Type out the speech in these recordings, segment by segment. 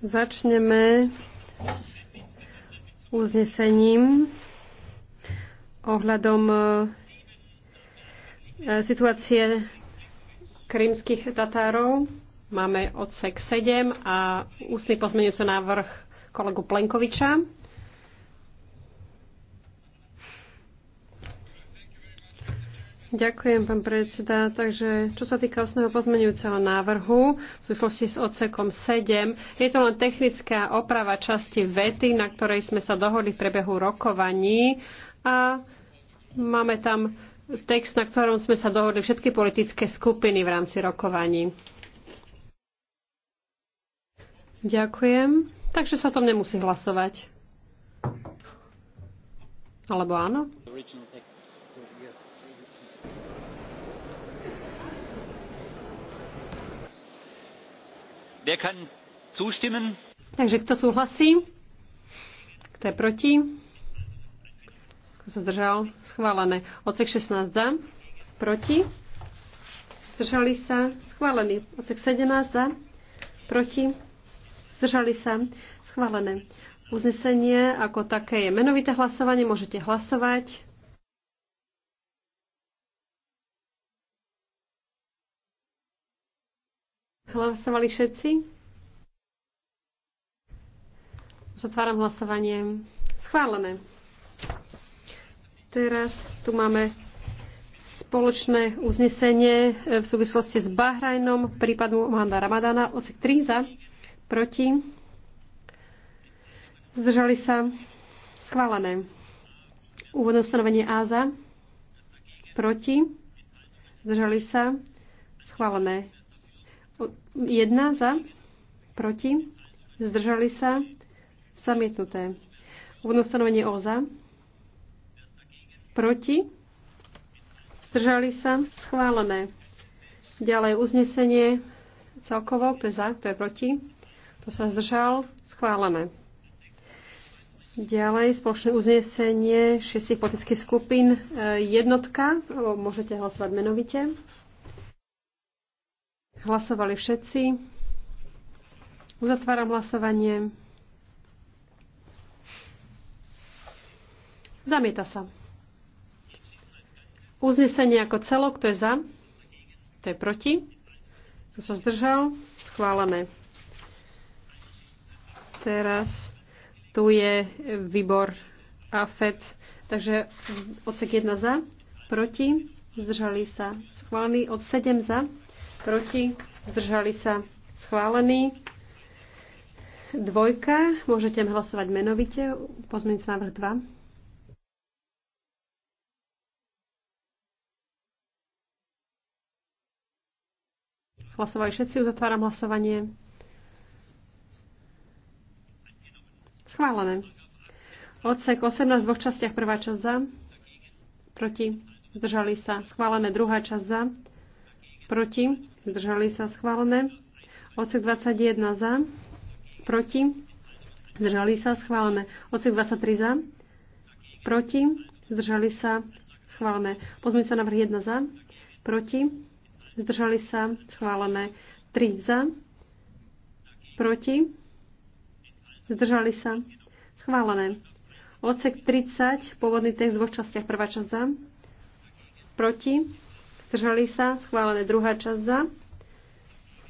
Začneme s uznesením ohľadom e, e, situácie krymských Tatárov. Máme odsek 7 a ústny pozmenujúci návrh kolegu Plenkoviča. Ďakujem, pán predseda. Takže čo sa týka osného pozmenujúceho návrhu v súvislosti s odsekom 7, je to len technická oprava časti vety, na ktorej sme sa dohodli v prebehu rokovaní a máme tam text, na ktorom sme sa dohodli všetky politické skupiny v rámci rokovaní. Ďakujem. Takže sa o tom nemusí hlasovať. Alebo áno? Original text. Wer kann zustimmen? Takže kto súhlasí? Kto je proti? Kto sa zdržal? Schválené. Odsek 16 za. Proti? Zdržali sa? Schválený. Odsek 17 za. Proti? Zdržali sa? Schválené. Uznesenie ako také je menovité hlasovanie. Môžete hlasovať. Hlasovali všetci? Zatváram hlasovanie. Schválené. Teraz tu máme spoločné uznesenie e, v súvislosti s Bahrajnom, prípadu Mohanda Ramadana, Ocek 3 za, proti. Zdržali sa. Schválené. Úvodné ustanovenie A za, proti. Zdržali sa. Schválené. 1 za, proti, zdržali sa, zamietnuté. Úvodné O za, proti, zdržali sa, schválené. Ďalej uznesenie celkovo, kto je za, kto je proti, kto sa zdržal, schválené. Ďalej spoločné uznesenie šestich politických skupín. E, jednotka, môžete hlasovať menovite. Hlasovali všetci. Uzatváram hlasovanie. Zamieta sa. Uznesenie ako celok, kto je za, kto je proti, kto sa zdržal, schválené. Teraz tu je výbor AFED, takže odsek 1 za, proti, zdržali sa, schválený od 7 za, proti, zdržali sa, schválený. Dvojka, môžete hlasovať menovite, pozmeňujúci návrh 2. Hlasovali všetci, uzatváram hlasovanie. Schválené. Odsek 18 v dvoch častiach, prvá časť za, proti, zdržali sa. Schválené druhá časť za, proti, zdržali sa schválené. Odsek 21 za, proti, zdržali sa schválené. Odsek 23 za, proti, zdržali sa schválené. Pozmeň sa návrh 1 za, proti, zdržali sa schválené. 3 za, proti, zdržali sa schválené. Odsek 30, pôvodný text v dvoch častiach, prvá časť za, proti, Zdržali sa? Schválené. Druhá časť za.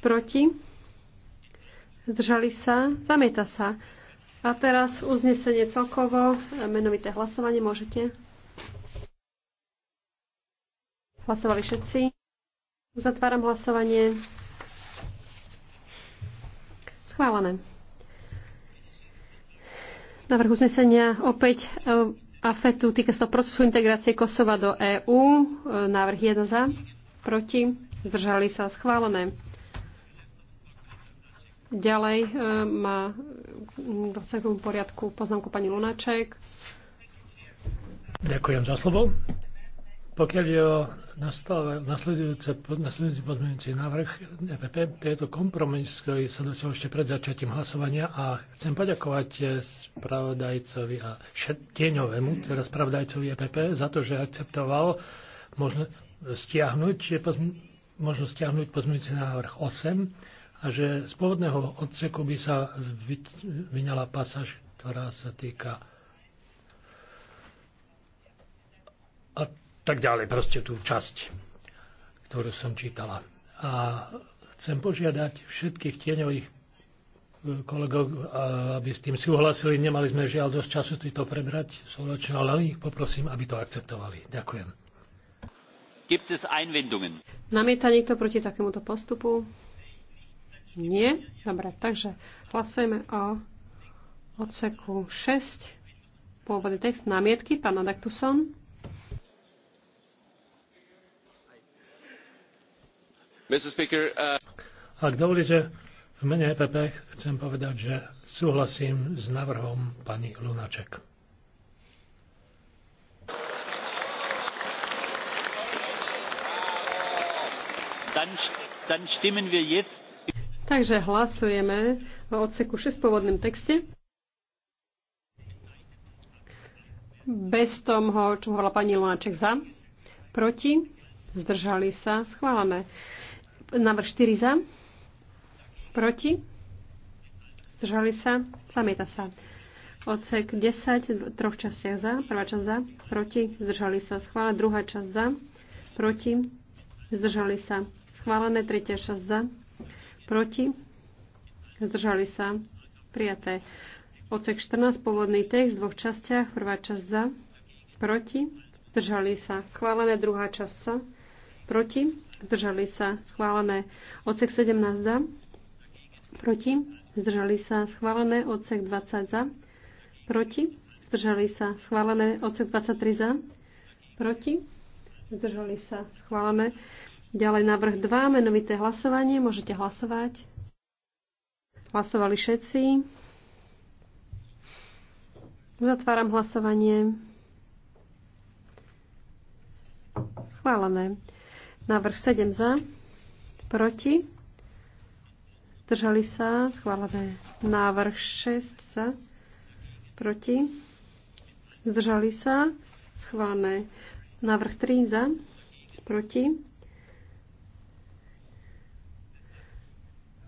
Proti? Zdržali sa? Zamieta sa. A teraz uznesenie celkovo, menovité hlasovanie môžete. Hlasovali všetci. Uzatváram hlasovanie. Schválené. Návrh uznesenia opäť AFETu týka sa procesu integrácie Kosova do EÚ. E, návrh 1 za, proti, zdržali sa schválené. Ďalej e, má v poriadku poznámku pani Lunaček. Ďakujem za slovo. Pokiaľ je o nasledujúce pozmeňujúci návrh EPP, to je to kompromis, ktorý sa dosiahol ešte pred začiatím hlasovania a chcem poďakovať spravodajcovi a šetieňovému, teda spravodajcovi EPP, za to, že akceptoval možno stiahnuť, možno stiahnuť pozmeňujúci návrh 8 a že z pôvodného odseku by sa vyňala pasáž, ktorá sa týka a tak ďalej, proste tú časť, ktorú som čítala. A chcem požiadať všetkých tieňových e, kolegov, e, aby s tým súhlasili. Nemali sme žiaľ dosť času si to prebrať spoločne, ale ich poprosím, aby to akceptovali. Ďakujem. Gibt es Einwendungen? Namieta niekto proti takémuto postupu? Nie? Dobre, takže hlasujeme o odseku 6. Pôvodný text námietky, pán Adaktuson. Uh, Ak dovolíte, v mene EPP chcem povedať, že súhlasím s navrhom pani Lunaček. Takže hlasujeme o odseku 6 pôvodnom texte. Bez toho, čo hovorila pani Lunaček za, proti, zdržali sa, schválené. Návrh 4 za. Proti. Zdržali sa. Zamieta sa. Odsek 10 v troch častiach za. Prvá časť za. Proti. Zdržali sa. Schvála. Druhá časť za. Proti. Zdržali sa. Schválené. Tretia časť za. Proti. Zdržali sa. Prijaté. Odsek 14, pôvodný text v dvoch častiach. Prvá časť za. Proti. Zdržali sa. Schválené. Druhá časť za. Proti zdržali sa, schválené. Odsek 17 za, proti, zdržali sa, schválené. Odsek 20 za, proti, zdržali sa, schválené. Odsek 23 za, proti, zdržali sa, schválené. Ďalej návrh 2, menovité hlasovanie, môžete hlasovať. Hlasovali všetci. Uzatváram hlasovanie. Schválené. Návrh 7 za, proti, zdržali sa, schválené. Návrh 6 za, proti, zdržali sa, schválené. Návrh 3 za, proti.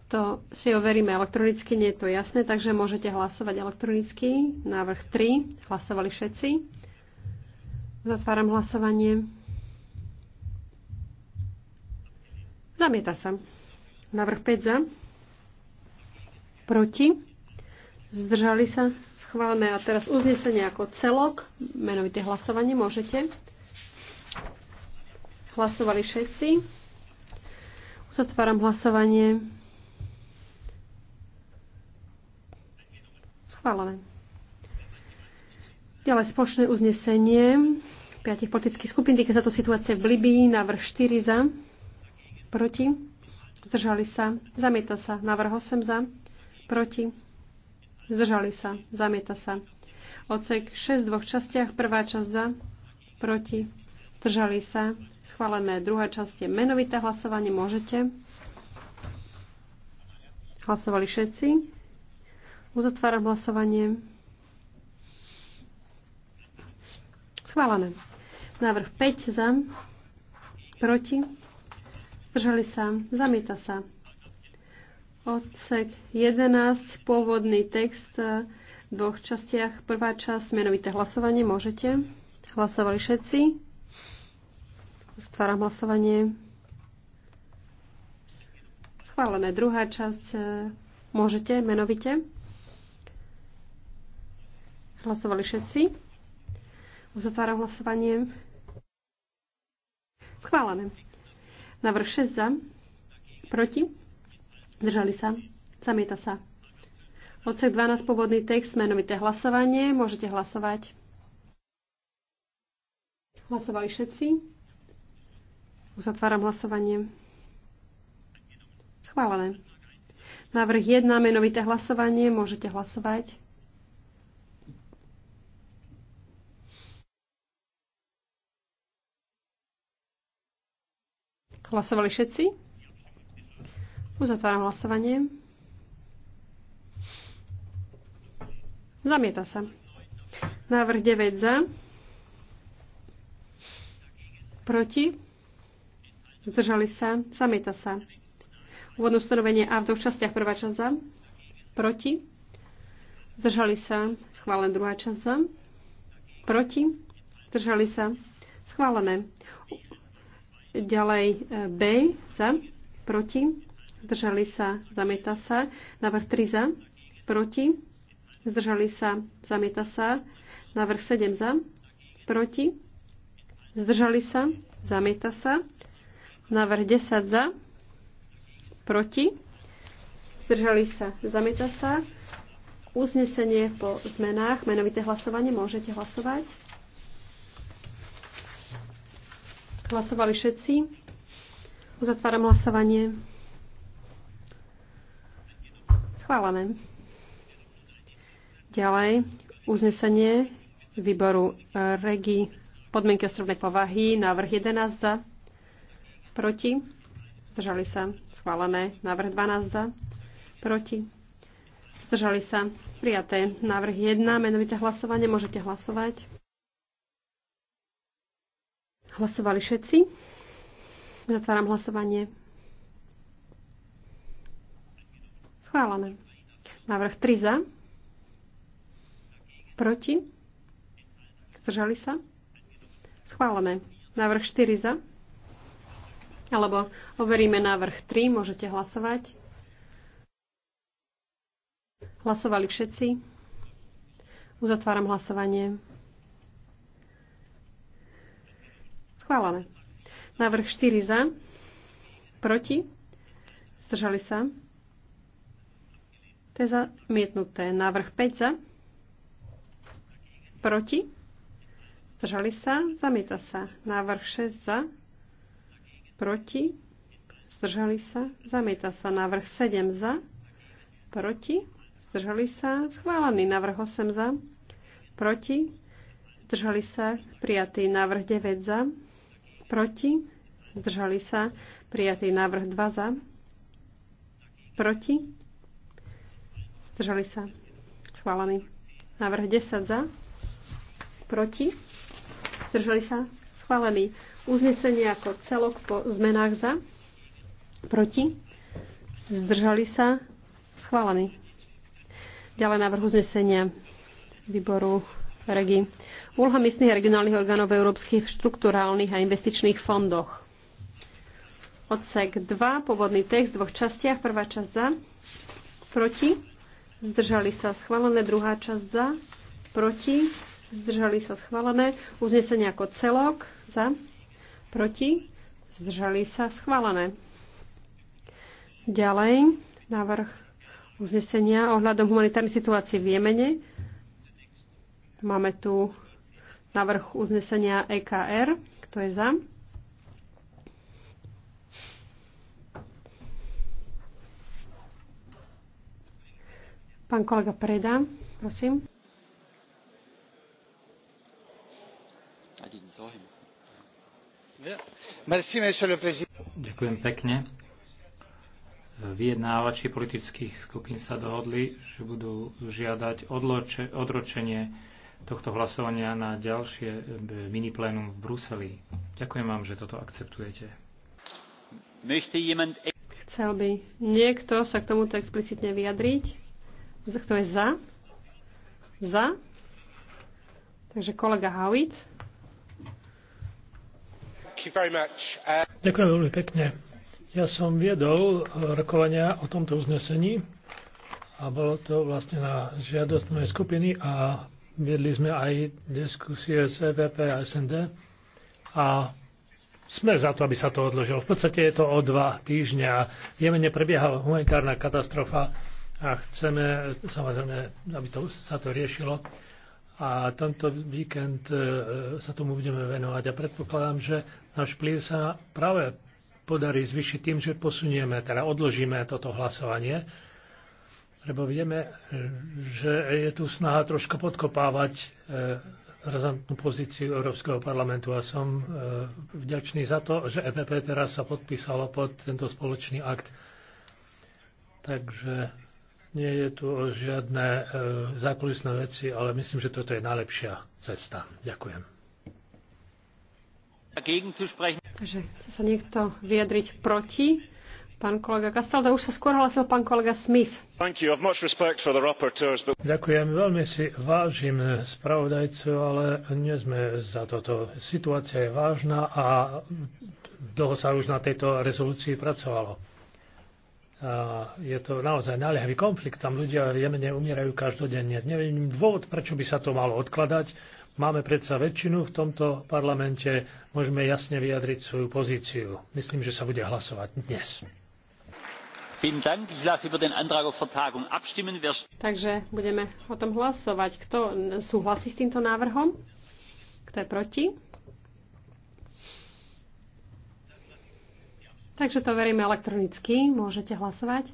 To si overíme elektronicky, nie je to jasné, takže môžete hlasovať elektronicky. Návrh 3, hlasovali všetci. Zatváram hlasovanie. Zamieta sa. Navrh 5 za. Proti. Zdržali sa. Schválené. A teraz uznesenie ako celok. Menovité hlasovanie. Môžete. Hlasovali všetci. Uzatváram hlasovanie. Schválené. Ďalej spoločné uznesenie piatich politických skupín. Týka sa to situácie v Libii. Návrh 4 za proti, zdržali sa, zamieta sa. Návrh 8 za, proti, zdržali sa, zamieta sa. Ocek 6 v dvoch častiach, prvá časť za, proti, zdržali sa, schválené. Druhá časť je menovité hlasovanie, môžete. Hlasovali všetci. Uzatváram hlasovanie. Schválené. Návrh 5 za, proti, Zdržali sa. Zamieta sa. Odsek 11, pôvodný text v dvoch častiach. Prvá časť, menovité hlasovanie, môžete. Hlasovali všetci. Stváram hlasovanie. Schválené. Druhá časť, e, môžete, menovite. Hlasovali všetci. Uzatváram hlasovanie. Schválené. Návrh 6 za. Proti. Držali sa. Zamieta sa. Odsek 12, pôvodný text, menovité hlasovanie. Môžete hlasovať. Hlasovali všetci. Uzatváram hlasovanie. Schválené. Návrh 1, menovité hlasovanie. Môžete hlasovať. Hlasovali všetci? Uzatváram hlasovanie. Zamieta sa. Návrh 9 za. Proti. Zdržali sa. Zamieta sa. Úvodné ustanovenie A v dvoch častiach. Prvá časť za. Proti. Zdržali sa. Schválené druhá časť za. Proti. Zdržali sa. Schválené. Ďalej eh, B za, proti, zdržali sa, zamieta sa. Návrh 3 za, proti, zdržali sa, zamieta sa. Návrh 7 za, proti, zdržali sa, zamieta sa. Návrh 10 za, proti, zdržali sa, zamieta sa. Uznesenie po zmenách, menovité hlasovanie, môžete hlasovať. Hlasovali všetci. Uzatváram hlasovanie. Schválené. Ďalej, uznesenie výboru REGI podmienky ostrovnej povahy, návrh 11 za, proti, zdržali sa, schválené, návrh 12 za, proti, zdržali sa, prijaté, návrh 1, Menovite hlasovanie, môžete hlasovať. Hlasovali všetci? Zatváram hlasovanie. Schválené. Návrh 3 za. Proti. Zdržali sa. Schválené. Návrh 4 za. Alebo overíme návrh 3. Môžete hlasovať. Hlasovali všetci. Uzatváram hlasovanie. Schválené. Návrh 4 za. Proti. Zdržali sa. To je zamietnuté. Návrh 5 za. Proti. Zdržali sa. Zamieta sa. Návrh 6 za. Proti. Zdržali sa. Zamieta sa. Návrh 7 za. Proti. Zdržali sa. Schválený. Návrh 8 za. Proti. Zdržali sa. Prijatý. Návrh 9 za Proti? Zdržali sa. Prijatý návrh 2 za. Proti? Zdržali sa. Schválený. Návrh 10 za. Proti? Zdržali sa. Schválený. Uznesenie ako celok po zmenách za. Proti? Zdržali sa. Schválený. Ďalej návrh uznesenia výboru regi. Úloha miestnych a regionálnych orgánov v európskych štrukturálnych a investičných fondoch. Odsek 2, pôvodný text v dvoch častiach. Prvá časť za, proti, zdržali sa schválené. Druhá časť za, proti, zdržali sa schválené. Uznesenie ako celok, za, proti, zdržali sa schválené. Ďalej, návrh uznesenia ohľadom humanitárnej situácie v Jemene. Máme tu navrh uznesenia EKR. Kto je za? Pán kolega Preda, prosím. Ďakujem pekne. Vyjednávači politických skupín sa dohodli, že budú žiadať odloče, odročenie tohto hlasovania na ďalšie e, miniplénum v Bruseli. Ďakujem vám, že toto akceptujete. E- Chcel by niekto sa k tomuto explicitne vyjadriť? Kto je za? Za? Takže kolega Howitt. Uh, Ďakujem veľmi pekne. Ja som viedol e, rokovania o tomto uznesení a bolo to vlastne na žiadosť mojej skupiny a Viedli sme aj diskusie s EPP a SND a sme za to, aby sa to odložilo. V podstate je to o dva týždňa. V Jemene prebieha humanitárna katastrofa a chceme, samozrejme, aby to, sa to riešilo. A tento víkend e, sa tomu budeme venovať. A predpokladám, že náš vplyv sa práve podarí zvyšiť tým, že posunieme, teda odložíme toto hlasovanie lebo vieme, že je tu snaha trošku podkopávať eh, razantnú pozíciu Európskeho parlamentu a som eh, vďačný za to, že EPP teraz sa podpísalo pod tento spoločný akt. Takže nie je tu o žiadne eh, zákulisné veci, ale myslím, že toto je najlepšia cesta. Ďakujem. Takže chce sa niekto vyjadriť proti pán kolega Castaldo, už sa skôr hlasil pán kolega Smith. Ďakujem, veľmi si vážim spravodajcu, ale nie sme za toto. Situácia je vážna a dlho sa už na tejto rezolúcii pracovalo. A je to naozaj naliehavý konflikt, tam ľudia v Jemene umierajú každodenne. Neviem dôvod, prečo by sa to malo odkladať. Máme predsa väčšinu v tomto parlamente, môžeme jasne vyjadriť svoju pozíciu. Myslím, že sa bude hlasovať dnes. Takže budeme o tom hlasovať. Kto súhlasí s týmto návrhom? Kto je proti? Takže to veríme elektronicky. Môžete hlasovať.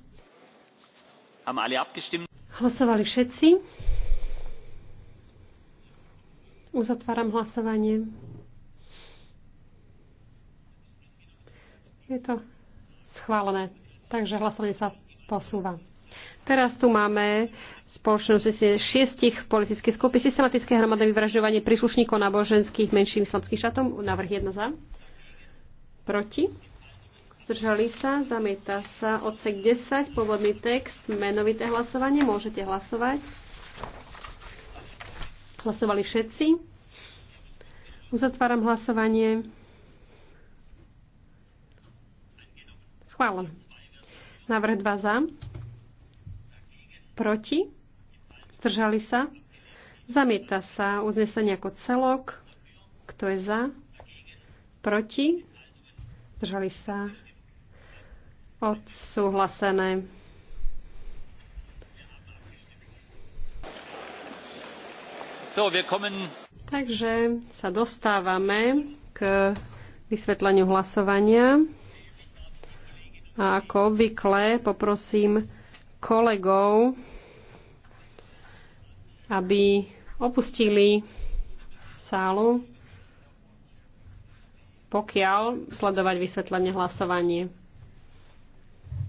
Hlasovali všetci. Uzatváram hlasovanie. Je to schválené takže hlasovanie sa posúva. Teraz tu máme spoločnosť šiestich politických skupín systematické hromadné vyvražďovanie príslušníkov náboženských menším islamských šatom. Návrh 1 za. Proti. Zdržali sa. Zamieta sa. Odsek 10. Pôvodný text. Menovité hlasovanie. Môžete hlasovať. Hlasovali všetci. Uzatváram hlasovanie. Schválené. Návrh 2 za. Proti. Zdržali sa. Zamieta sa uznesenie ako celok. Kto je za? Proti. Zdržali sa. Odsúhlasené. So, Takže sa dostávame k vysvetleniu hlasovania. A ako obvykle poprosím kolegov, aby opustili sálu, pokiaľ sledovať vysvetlenie hlasovanie.